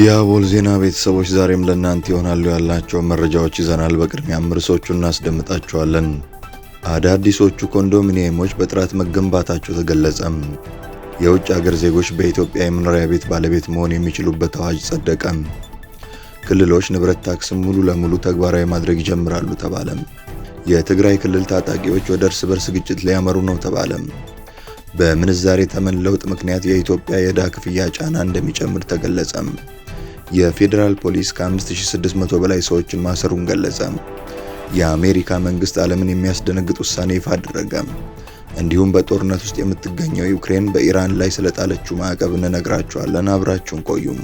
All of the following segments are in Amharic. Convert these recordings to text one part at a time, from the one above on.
የአቦል ዜና ቤተሰቦች ዛሬም ለእናንተ ይሆናሉ ያላቸው መረጃዎች ይዘናል። በቅድሚያም ምርሶቹ እናስደምጣቸዋለን። አዳዲሶቹ ኮንዶሚኒየሞች በጥራት መገንባታቸው ተገለጸም። የውጭ አገር ዜጎች በኢትዮጵያ የመኖሪያ ቤት ባለቤት መሆን የሚችሉበት አዋጅ ጸደቀም። ክልሎች ንብረት ታክስም ሙሉ ለሙሉ ተግባራዊ ማድረግ ይጀምራሉ ተባለም። የትግራይ ክልል ታጣቂዎች ወደ እርስ በርስ ግጭት ሊያመሩ ነው ተባለም። በምንዛሬ ተመን ለውጥ ምክንያት የኢትዮጵያ የዕዳ ክፍያ ጫና እንደሚጨምር ተገለጸም። የፌዴራል ፖሊስ ከ5600 በላይ ሰዎችን ማሰሩን ገለጸ። የአሜሪካ መንግስት ዓለምን የሚያስደነግጥ ውሳኔ ይፋ አደረገ። እንዲሁም በጦርነት ውስጥ የምትገኘው ዩክሬን በኢራን ላይ ስለጣለችው ማዕቀብ እንነግራችኋለን። አብራችሁን ቆዩም።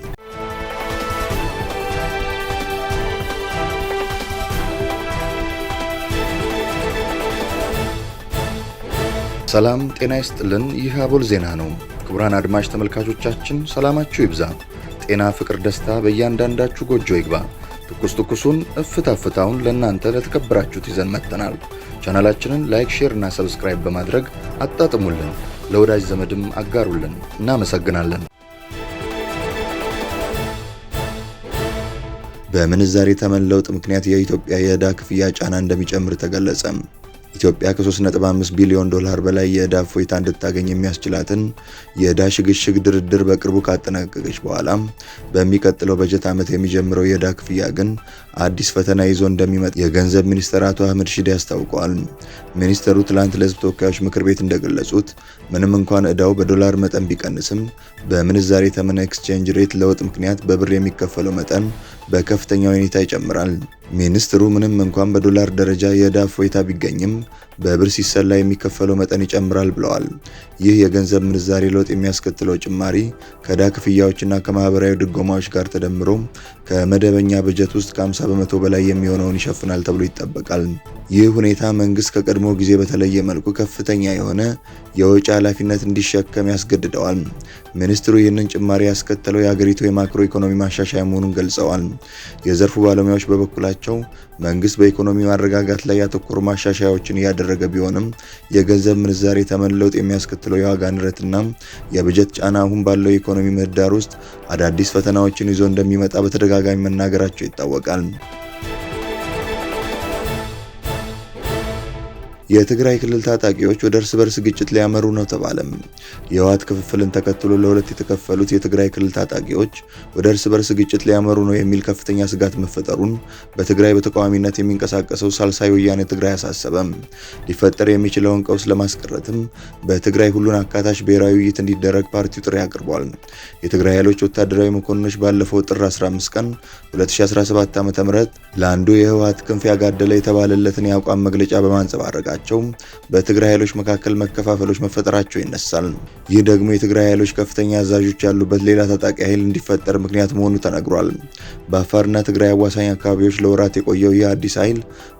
ሰላም ጤና ይስጥልን። ይህ አቦል ዜና ነው። ክቡራን አድማጭ ተመልካቾቻችን ሰላማችሁ ይብዛ። ጤና፣ ፍቅር፣ ደስታ በእያንዳንዳችሁ ጎጆ ይግባ። ትኩስ ትኩሱን እፍታ ፍታውን ለእናንተ ለተከበራችሁት ይዘን መጥተናል። ቻናላችንን ላይክ፣ ሼር እና ሰብስክራይብ በማድረግ አጣጥሙልን፣ ለወዳጅ ዘመድም አጋሩልን። እናመሰግናለን። በምንዛሬ ተመን ለውጥ ምክንያት የኢትዮጵያ የዕዳ ክፍያ ጫና እንደሚጨምር ተገለጸም ኢትዮጵያ ከ3.5 ቢሊዮን ዶላር በላይ የዕዳ እፎይታ እንድታገኝ የሚያስችላትን የዕዳ ሽግሽግ ድርድር በቅርቡ ካጠናቀቀች በኋላ በሚቀጥለው በጀት ዓመት የሚጀምረው የዕዳ ክፍያ ግን አዲስ ፈተና ይዞ እንደሚመጣ የገንዘብ ሚኒስትር አቶ አህመድ ሺዴ አስታውቀዋል። ሚኒስትሩ ትላንት ለሕዝብ ተወካዮች ምክር ቤት እንደገለጹት ምንም እንኳን ዕዳው በዶላር መጠን ቢቀንስም በምንዛሬ ተመን ኤክስቼንጅ ሬት ለውጥ ምክንያት በብር የሚከፈለው መጠን በከፍተኛ ሁኔታ ይጨምራል። ሚኒስትሩ ምንም እንኳን በዶላር ደረጃ የዕዳ እፎይታ ቢገኝም በብር ሲሰላ የሚከፈለው መጠን ይጨምራል ብለዋል። ይህ የገንዘብ ምንዛሬ ለውጥ የሚያስከትለው ጭማሪ ከዕዳ ክፍያዎችና ከማህበራዊ ድጎማዎች ጋር ተደምሮ ከመደበኛ በጀት ውስጥ ከ50 በመቶ በላይ የሚሆነውን ይሸፍናል ተብሎ ይጠበቃል። ይህ ሁኔታ መንግስት ከቀድሞ ጊዜ በተለየ መልኩ ከፍተኛ የሆነ የወጪ ኃላፊነት እንዲሸከም ያስገድደዋል። ሚኒስትሩ ይህንን ጭማሪ ያስከተለው የአገሪቱ የማክሮ ኢኮኖሚ ማሻሻያ መሆኑን ገልጸዋል። የዘርፉ ባለሙያዎች በበኩላቸው በመሆናቸው መንግስት በኢኮኖሚ ማረጋጋት ላይ ያተኮሩ ማሻሻያዎችን እያደረገ ቢሆንም የገንዘብ ምንዛሬ ተመለውጥ የሚያስከትለው የዋጋ ንረትና የበጀት ጫና አሁን ባለው የኢኮኖሚ ምህዳር ውስጥ አዳዲስ ፈተናዎችን ይዞ እንደሚመጣ በተደጋጋሚ መናገራቸው ይታወቃል። የትግራይ ክልል ታጣቂዎች ወደ እርስ በርስ ግጭት ሊያመሩ ነው ተባለም። የህወሓት ክፍፍልን ተከትሎ ለሁለት የተከፈሉት የትግራይ ክልል ታጣቂዎች ወደ እርስ በርስ ግጭት ሊያመሩ ነው የሚል ከፍተኛ ስጋት መፈጠሩን በትግራይ በተቃዋሚነት የሚንቀሳቀሰው ሳልሳይ ወያኔ ትግራይ አሳሰበም። ሊፈጠር የሚችለውን ቀውስ ለማስቀረትም በትግራይ ሁሉን አካታች ብሔራዊ ውይይት እንዲደረግ ፓርቲው ጥሪ አቅርቧል። የትግራይ ኃይሎች ወታደራዊ መኮንኖች ባለፈው ጥር 15 ቀን 2017 ዓ.ም ለአንዱ የህወሓት ክንፍ ያጋደለ የተባለለትን የአቋም መግለጫ በማንጸባረቃቸው በመሆናቸው በትግራይ ኃይሎች መካከል መከፋፈሎች መፈጠራቸው ይነሳል። ይህ ደግሞ የትግራይ ኃይሎች ከፍተኛ አዛዦች ያሉበት ሌላ ታጣቂ ኃይል እንዲፈጠር ምክንያት መሆኑ ተነግሯል። በአፋርና ትግራይ አዋሳኝ አካባቢዎች ለወራት የቆየው ይህ አዲስ ኃይል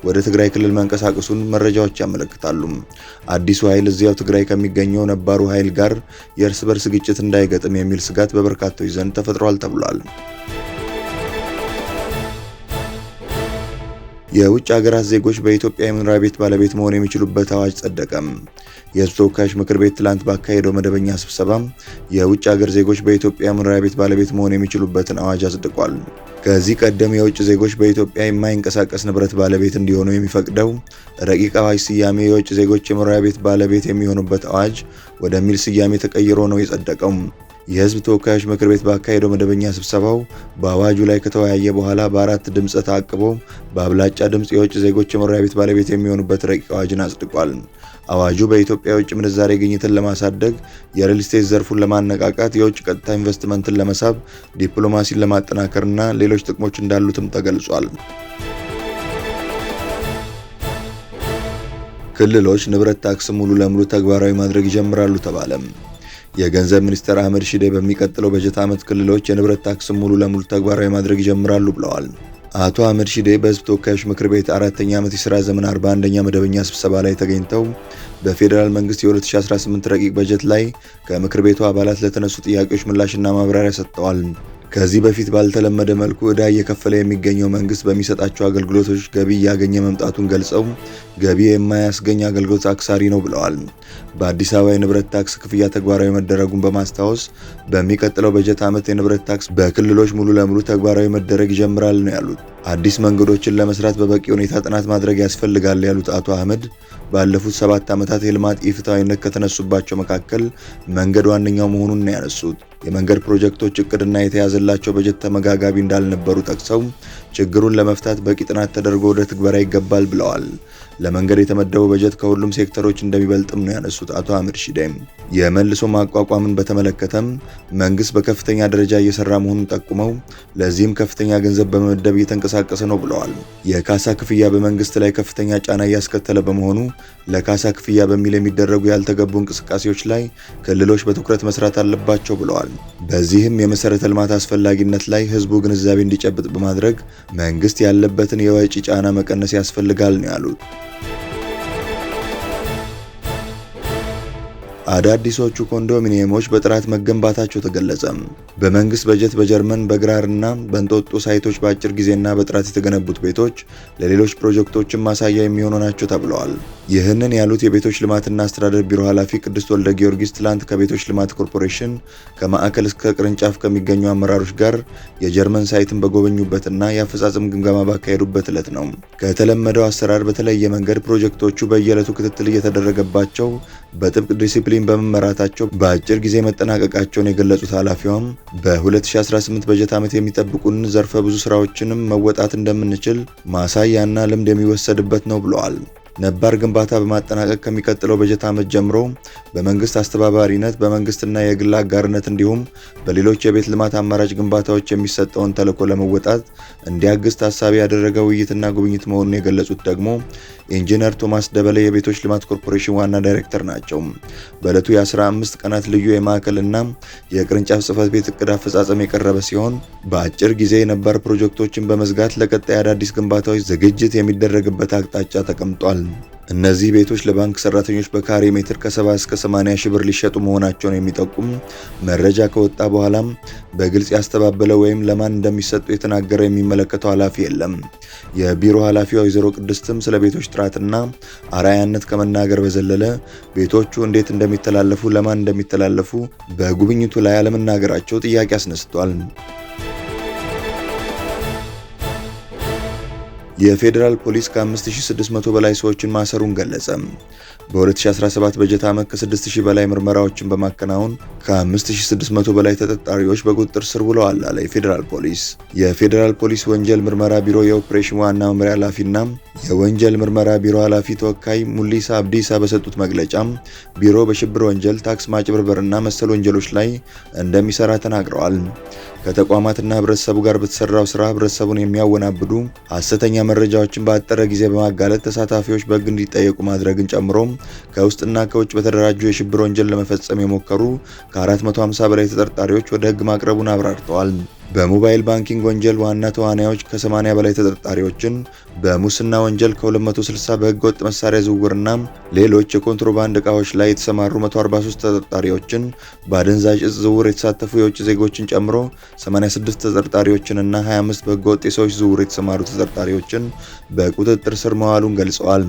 ወደ ትግራይ ክልል መንቀሳቀሱን መረጃዎች ያመለክታሉ። አዲሱ ኃይል እዚያው ትግራይ ከሚገኘው ነባሩ ኃይል ጋር የእርስ በርስ ግጭት እንዳይገጥም የሚል ስጋት በበርካቶች ዘንድ ተፈጥሯል ተብሏል። የውጭ ሀገራት ዜጎች በኢትዮጵያ የመኖሪያ ቤት ባለቤት መሆን የሚችሉበት አዋጅ ጸደቀም። የህዝብ ተወካዮች ምክር ቤት ትላንት ባካሄደው መደበኛ ስብሰባ የውጭ ሀገር ዜጎች በኢትዮጵያ የመኖሪያ ቤት ባለቤት መሆን የሚችሉበትን አዋጅ አጽድቋል። ከዚህ ቀደም የውጭ ዜጎች በኢትዮጵያ የማይንቀሳቀስ ንብረት ባለቤት እንዲሆኑ የሚፈቅደው ረቂቅ አዋጅ ስያሜ የውጭ ዜጎች የመኖሪያ ቤት ባለቤት የሚሆኑበት አዋጅ ወደሚል ስያሜ ተቀይሮ ነው የጸደቀው። የህዝብ ተወካዮች ምክር ቤት ባካሄደው መደበኛ ስብሰባው በአዋጁ ላይ ከተወያየ በኋላ በአራት ድምፅ ተአቅቦ በአብላጫ ድምፅ የውጭ ዜጎች የመኖሪያ ቤት ባለቤት የሚሆኑበት ረቂቅ አዋጅን አጽድቋል። አዋጁ በኢትዮጵያ የውጭ ምንዛሬ ግኝትን ለማሳደግ፣ የሪል ስቴት ዘርፉን ለማነቃቃት፣ የውጭ ቀጥታ ኢንቨስትመንትን ለመሳብ፣ ዲፕሎማሲን ለማጠናከርና ሌሎች ጥቅሞች እንዳሉትም ተገልጿል። ክልሎች ንብረት ታክስ ሙሉ ለሙሉ ተግባራዊ ማድረግ ይጀምራሉ ተባለም። የገንዘብ ሚኒስትር አህመድ ሺዴ በሚቀጥለው በጀት ዓመት ክልሎች የንብረት ታክስን ሙሉ ለሙሉ ተግባራዊ ማድረግ ይጀምራሉ ብለዋል። አቶ አህመድ ሺዴ በህዝብ ተወካዮች ምክር ቤት አራተኛ ዓመት የሥራ ዘመን 41ኛ መደበኛ ስብሰባ ላይ ተገኝተው በፌዴራል መንግስት የ2018 ረቂቅ በጀት ላይ ከምክር ቤቱ አባላት ለተነሱ ጥያቄዎች ምላሽና ማብራሪያ ሰጥተዋል። ከዚህ በፊት ባልተለመደ መልኩ ዕዳ እየከፈለ የሚገኘው መንግስት በሚሰጣቸው አገልግሎቶች ገቢ እያገኘ መምጣቱን ገልጸው ገቢ የማያስገኝ አገልግሎት አክሳሪ ነው ብለዋል። በአዲስ አበባ የንብረት ታክስ ክፍያ ተግባራዊ መደረጉን በማስታወስ በሚቀጥለው በጀት ዓመት የንብረት ታክስ በክልሎች ሙሉ ለሙሉ ተግባራዊ መደረግ ይጀምራል ነው ያሉት። አዲስ መንገዶችን ለመስራት በበቂ ሁኔታ ጥናት ማድረግ ያስፈልጋል ያሉት አቶ አህመድ ባለፉት ሰባት ዓመታት የልማት ኢፍትሐዊነት ከተነሱባቸው መካከል መንገድ ዋነኛው መሆኑን ነው ያነሱት። የመንገድ ፕሮጀክቶች እቅድና የተያዘላቸው በጀት ተመጋጋቢ እንዳልነበሩ ጠቅሰው ችግሩን ለመፍታት በቂ ጥናት ተደርጎ ወደ ትግበራ ይገባል ብለዋል። ለመንገድ የተመደበው በጀት ከሁሉም ሴክተሮች እንደሚበልጥም ነው ያነሱት አቶ አህመድ ሺዴም የመልሶ ማቋቋምን በተመለከተም መንግስት በከፍተኛ ደረጃ እየሰራ መሆኑን ጠቁመው ለዚህም ከፍተኛ ገንዘብ በመመደብ እየተንቀሳቀሰ ነው ብለዋል። የካሳ ክፍያ በመንግስት ላይ ከፍተኛ ጫና እያስከተለ በመሆኑ ለካሳ ክፍያ በሚል የሚደረጉ ያልተገቡ እንቅስቃሴዎች ላይ ክልሎች በትኩረት መስራት አለባቸው ብለዋል። በዚህም የመሰረተ ልማት አስፈላጊነት ላይ ህዝቡ ግንዛቤ እንዲጨብጥ በማድረግ መንግስት ያለበትን የወጪ ጫና መቀነስ ያስፈልጋል ነው ያሉት። አዳዲሶቹ ኮንዶሚኒየሞች በጥራት መገንባታቸው ተገለጸ። በመንግስት በጀት በጀርመን በግራርና በእንጦጦ ሳይቶች በአጭር ጊዜና በጥራት የተገነቡት ቤቶች ለሌሎች ፕሮጀክቶችም ማሳያ የሚሆኑ ናቸው ተብለዋል። ይህንን ያሉት የቤቶች ልማትና አስተዳደር ቢሮ ኃላፊ ቅድስት ወልደ ጊዮርጊስ ትላንት ከቤቶች ልማት ኮርፖሬሽን ከማዕከል እስከ ቅርንጫፍ ከሚገኙ አመራሮች ጋር የጀርመን ሳይትን በጎበኙበትና የአፈጻጸም ግምገማ ባካሄዱበት ዕለት ነው። ከተለመደው አሰራር በተለየ መንገድ ፕሮጀክቶቹ በየዕለቱ ክትትል እየተደረገባቸው በጥብቅ ዲሲፕሊን በመመራታቸው በአጭር ጊዜ መጠናቀቃቸውን የገለጹት ኃላፊዋም በ2018 በጀት ዓመት የሚጠብቁን ዘርፈ ብዙ ስራዎችንም መወጣት እንደምንችል ማሳያና ልምድ የሚወሰድበት ነው ብለዋል። ነባር ግንባታ በማጠናቀቅ ከሚቀጥለው በጀት ዓመት ጀምሮ በመንግስት አስተባባሪነት በመንግስትና የግል አጋርነት እንዲሁም በሌሎች የቤት ልማት አማራጭ ግንባታዎች የሚሰጠውን ተልዕኮ ለመወጣት እንዲያግዝ ታሳቢ ያደረገ ውይይትና ጉብኝት መሆኑን የገለጹት ደግሞ ኢንጂነር ቶማስ ደበለ የቤቶች ልማት ኮርፖሬሽን ዋና ዳይሬክተር ናቸው። በዕለቱ የ15 ቀናት ልዩ የማዕከልና የቅርንጫፍ ጽህፈት ቤት እቅድ አፈጻጸም የቀረበ ሲሆን በአጭር ጊዜ የነባር ፕሮጀክቶችን በመዝጋት ለቀጣይ አዳዲስ ግንባታዎች ዝግጅት የሚደረግበት አቅጣጫ ተቀምጧል። እነዚህ ቤቶች ለባንክ ሰራተኞች በካሬ ሜትር ከ70 እስከ 80 ሺህ ብር ሊሸጡ መሆናቸውን የሚጠቁም መረጃ ከወጣ በኋላም በግልጽ ያስተባበለ ወይም ለማን እንደሚሰጡ የተናገረ የሚመለከተው ኃላፊ የለም። የቢሮ ኃላፊ ወይዘሮ ቅድስትም ስለ ቤቶች ጥራትና አራያነት ከመናገር በዘለለ ቤቶቹ እንዴት እንደሚተላለፉ፣ ለማን እንደሚተላለፉ በጉብኝቱ ላይ አለመናገራቸው ጥያቄ አስነስቷል። የፌዴራል ፖሊስ ከ5600 በላይ ሰዎችን ማሰሩን ገለጸ። በ2017 በጀት ዓመት ከ6000 በላይ ምርመራዎችን በማከናወን ከ5600 በላይ ተጠርጣሪዎች በቁጥጥር ስር ውለዋል አለ የፌዴራል ፖሊስ። የፌዴራል ፖሊስ ወንጀል ምርመራ ቢሮ የኦፕሬሽን ዋና መምሪያ ኃላፊና የወንጀል ምርመራ ቢሮ ኃላፊ ተወካይ ሙሊሳ አብዲሳ በሰጡት መግለጫ ቢሮ በሽብር ወንጀል፣ ታክስ ማጭበርበርና መሰል ወንጀሎች ላይ እንደሚሰራ ተናግረዋል። ከተቋማትና ህብረተሰቡ ጋር በተሰራው ስራ ህብረተሰቡን የሚያወናብዱ ሐሰተኛ መረጃዎችን በአጠረ ጊዜ በማጋለጥ ተሳታፊዎች በሕግ እንዲጠየቁ ማድረግን ጨምሮም ከውስጥና ከውጭ በተደራጁ የሽብር ወንጀል ለመፈጸም የሞከሩ ከ450 በላይ ተጠርጣሪዎች ወደ ህግ ማቅረቡን አብራርተዋል። በሞባይል ባንኪንግ ወንጀል ዋና ተዋናዮች ከ80 በላይ ተጠርጣሪዎችን፣ በሙስና ወንጀል ከ260፣ ወጥ መሳሪያ ዝውውርና ሌሎች የኮንትሮባንድ እቃዎች ላይ የተሰማሩ 143 ተጠርጣሪዎችን፣ በአደንዛዥ እጽ ዝውውር የተሳተፉ የውጭ ዜጎችን ጨምሮ 86 ተጠርጣሪዎችንና 25 ወጥ የሰዎች ዝውውር የተሰማሩ ተጠርጣሪዎችን በቁጥጥር ስር መዋሉን ገልጸዋል።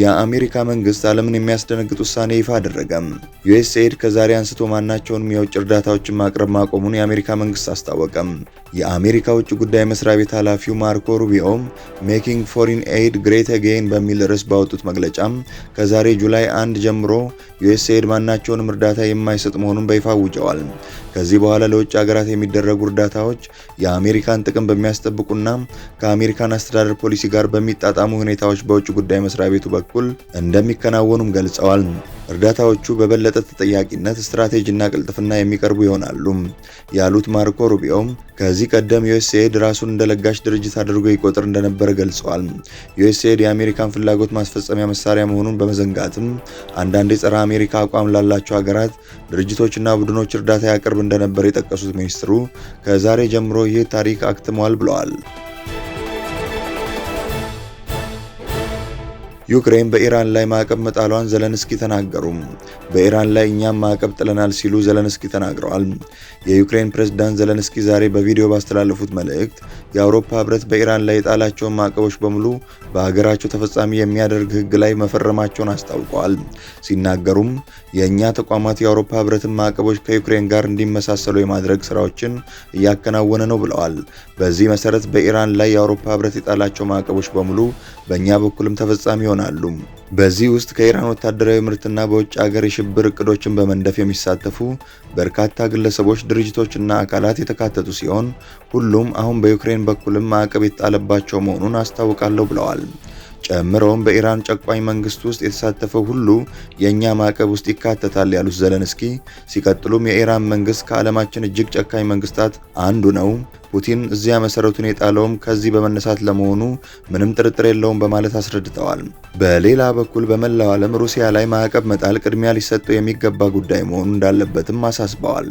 የአሜሪካ መንግስት ዓለምን የሚያስደነግጥ ውሳኔ ይፋ አደረገም። ዩኤስኤድ ከዛሬ አንስቶ ማናቸውንም የውጭ እርዳታዎችን ማቅረብ ማቆሙን የአሜሪካ መንግስት አስታወቀም። የአሜሪካ ውጭ ጉዳይ መስሪያ ቤት ኃላፊው ማርኮ ሩቢዮ ሜኪንግ ፎሪን ኤድ ግሬት አጌን በሚል ርዕስ ባወጡት መግለጫም ከዛሬ ጁላይ አንድ ጀምሮ ዩኤስኤድ ማናቸውንም እርዳታ የማይሰጥ መሆኑን በይፋ አውጀዋል። ከዚህ በኋላ ለውጭ ሀገራት የሚደረጉ እርዳታዎች የአሜሪካን ጥቅም በሚያስጠብቁና ከአሜሪካን አስተዳደር ፖሊሲ ጋር በሚጣጣሙ ሁኔታዎች በውጭ ጉዳይ መስሪያ ቤቱ በኩል እንደሚከናወኑም ገልጸዋል። እርዳታዎቹ በበለጠ ተጠያቂነት ስትራቴጂና ቅልጥፍና የሚቀርቡ ይሆናሉ ያሉት ማርኮ ሩቢዮም ከዚህ ቀደም ዩኤስኤድ ራሱን እንደ ለጋሽ ድርጅት አድርጎ ይቆጥር እንደነበረ ገልጸዋል። ዩኤስኤድ የአሜሪካን ፍላጎት ማስፈጸሚያ መሳሪያ መሆኑን በመዘንጋትም አንዳንድ የጸረ አሜሪካ አቋም ላላቸው ሀገራት ድርጅቶችና ቡድኖች እርዳታ ያቀርብ እንደነበር የጠቀሱት ሚኒስትሩ ከዛሬ ጀምሮ ይህ ታሪክ አክትሟል ብለዋል። ዩክሬን በኢራን ላይ ማዕቀብ መጣሏን ዘለንስኪ ተናገሩ። በኢራን ላይ እኛም ማዕቀብ ጥለናል ሲሉ ዘለንስኪ ተናግረዋል። የዩክሬን ፕሬዝዳንት ዘለንስኪ ዛሬ በቪዲዮ ባስተላለፉት መልእክት የአውሮፓ ህብረት በኢራን ላይ የጣላቸውን ማዕቀቦች በሙሉ በሀገራቸው ተፈጻሚ የሚያደርግ ህግ ላይ መፈረማቸውን አስታውቀዋል። ሲናገሩም የእኛ ተቋማት የአውሮፓ ህብረትን ማዕቀቦች ከዩክሬን ጋር እንዲመሳሰሉ የማድረግ ስራዎችን እያከናወነ ነው ብለዋል። በዚህ መሰረት በኢራን ላይ የአውሮፓ ህብረት የጣላቸው ማዕቀቦች በሙሉ በእኛ በኩልም ተፈጻሚ ይሆናሉ። በዚህ ውስጥ ከኢራን ወታደራዊ ምርትና በውጭ ሀገር የሽብር እቅዶችን በመንደፍ የሚሳተፉ በርካታ ግለሰቦች፣ ድርጅቶችና አካላት የተካተቱ ሲሆን ሁሉም አሁን በዩክሬን በኩልም ማዕቀብ የተጣለባቸው መሆኑን አስታውቃለሁ ብለዋል። ጨምሮም በኢራን ጨቋኝ መንግስት ውስጥ የተሳተፈው ሁሉ የእኛ ማዕቀብ ውስጥ ይካተታል ያሉት ዘለንስኪ ሲቀጥሉም የኢራን መንግስት ከዓለማችን እጅግ ጨካኝ መንግስታት አንዱ ነው። ፑቲን እዚያ መሰረቱን የጣለውም ከዚህ በመነሳት ለመሆኑ ምንም ጥርጥር የለውም በማለት አስረድተዋል። በሌላ በኩል በመላው ዓለም ሩሲያ ላይ ማዕቀብ መጣል ቅድሚያ ሊሰጠው የሚገባ ጉዳይ መሆኑ እንዳለበትም አሳስበዋል።